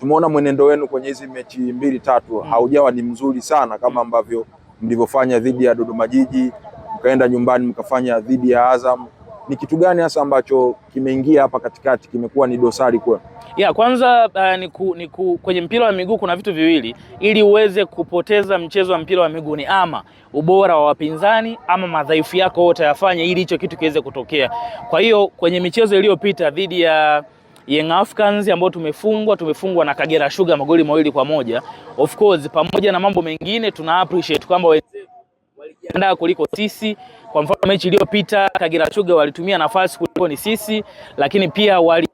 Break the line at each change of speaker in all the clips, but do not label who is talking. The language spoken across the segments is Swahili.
tumeona mwenendo wenu kwenye hizi mechi mbili tatu mm. haujawa ni mzuri sana kama mm. ambavyo mlivyofanya dhidi ya Dodoma Jiji, mkaenda nyumbani mkafanya dhidi ya Azam. Ni kitu gani hasa ambacho kimeingia hapa katikati kimekuwa ni dosari kwa?
Ya kwanza uh, ni ku, ni ku, kwenye mpira wa miguu kuna vitu viwili, ili uweze kupoteza mchezo wa mpira wa miguu ni ama ubora wa wapinzani ama madhaifu yako utayafanya ili hicho kitu kiweze kutokea. Kwa hiyo kwenye michezo iliyopita dhidi ya Young Africans ambao tumefungwa tumefungwa na Kagera Sugar magoli mawili kwa moja. Of course pamoja na mambo mengine tuna appreciate kwamba wenzetu walijiandaa kuliko sisi. Kwa mfano mechi iliyopita Kagera Sugar walitumia nafasi kuliko ni sisi, lakini pia wali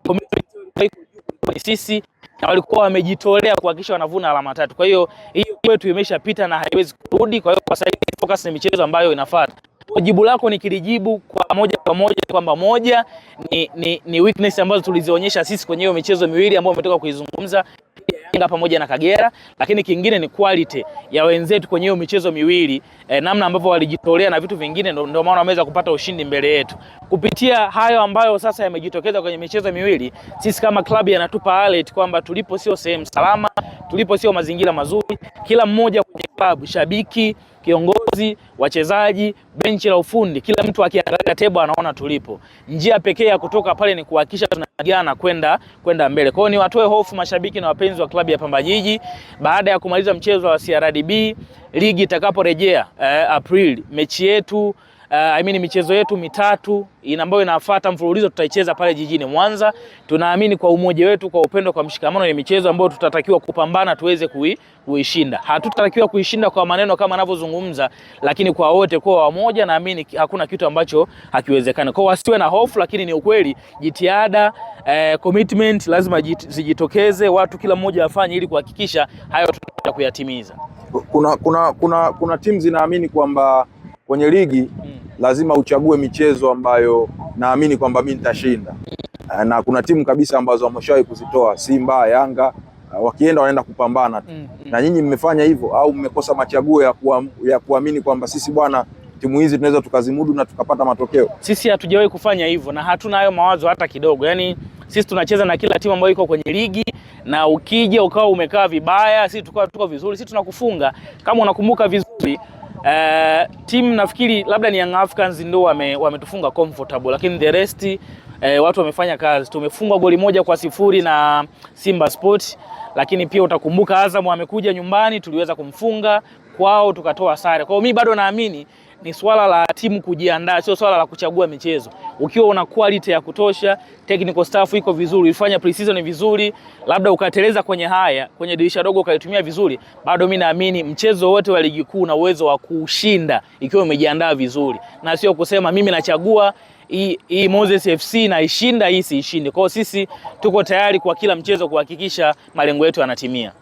ni sisi na walikuwa wamejitolea kuhakikisha wanavuna alama tatu. Kwa hiyo hiyo kwetu imeshapita na haiwezi kurudi. Kwa hiyo kwa sasa focus ni michezo ambayo inafuata kwa jibu lako nikilijibu kwa moja kwa moja kwamba moja ni, ni, ni weakness ambazo tulizionyesha sisi kwenye hiyo michezo miwili ambayo umetoka kuizungumza Yanga pamoja na Kagera, lakini kingine ni quality ya wenzetu kwenye hiyo michezo miwili eh, namna ambavyo walijitolea na vitu vingine, ndio maana wameweza kupata ushindi mbele yetu. Kupitia hayo ambayo sasa yamejitokeza kwenye michezo miwili, sisi kama klabu yanatupa alert kwamba tulipo sio sehemu salama, tulipo sio mazingira mazuri. Kila mmoja kwenye klabu, shabiki kiongozi, wachezaji, benchi la ufundi, kila mtu akiangalia tebo anaona tulipo. Njia pekee ya kutoka pale ni kuhakikisha tunagana kwenda kwenda mbele. Kwa hiyo ni watoe hofu mashabiki na wapenzi wa klabu ya Pamba Jiji baada ya kumaliza mchezo wa CRDB, ligi itakaporejea eh, Aprili mechi yetu uh, I mean michezo yetu mitatu ambayo inafuata mfululizo tutaicheza pale jijini Mwanza. Tunaamini kwa umoja wetu, kwa upendo, kwa mshikamano, ni michezo ambayo tutatakiwa kupambana tuweze kui, kuishinda. Hatutatakiwa kuishinda kwa maneno kama anavyozungumza, lakini kwa wote kwa wamoja, naamini hakuna kitu ambacho hakiwezekani Kwa wasiwe na hofu, lakini ni ukweli jitihada, eh, commitment lazima jit, zijitokeze watu, kila mmoja afanye ili kuhakikisha hayo tunataka kuyatimiza.
Kuna, kuna, kuna, kuna timu zinaamini kwamba kwenye ligi lazima uchague michezo ambayo naamini kwamba mimi nitashinda, eh, na kuna timu kabisa ambazo wameshawahi kuzitoa Simba, Yanga eh, wakienda wanaenda kupambana tu mm, mm, Na nyinyi mmefanya hivyo au mmekosa machaguo ya, kuam, ya kuamini kwamba sisi bwana timu hizi tunaweza tukazimudu na tukapata matokeo?
Sisi hatujawahi kufanya hivyo na hatuna hayo mawazo hata kidogo. Yaani sisi tunacheza na kila timu ambayo iko kwenye ligi, na ukija ukawa umekaa vibaya, sisi tukawa tuko vizuri, sisi tunakufunga. Kama unakumbuka vizuri Uh, eh, timu nafikiri labda ni Young Africans ndio wame, wametufunga comfortable, lakini the rest uh, watu wamefanya kazi. Tumefungwa goli moja kwa sifuri na Simba Sport, lakini pia utakumbuka Azam amekuja nyumbani tuliweza kumfunga kwao tukatoa sare. Kwa hiyo mimi bado naamini ni swala la timu kujiandaa, sio swala la kuchagua michezo. Ukiwa una quality ya kutosha, technical staff iko vizuri, ulifanya pre-season vizuri, labda ukateleza kwenye haya kwenye dirisha dogo ukalitumia vizuri, bado mi naamini mchezo wote wa ligi kuu una uwezo wa kushinda ikiwa umejiandaa vizuri, na sio kusema mimi nachagua hii Moses FC naishinda hii siishinde. Kwa hiyo sisi tuko tayari kwa kila mchezo kuhakikisha malengo yetu yanatimia.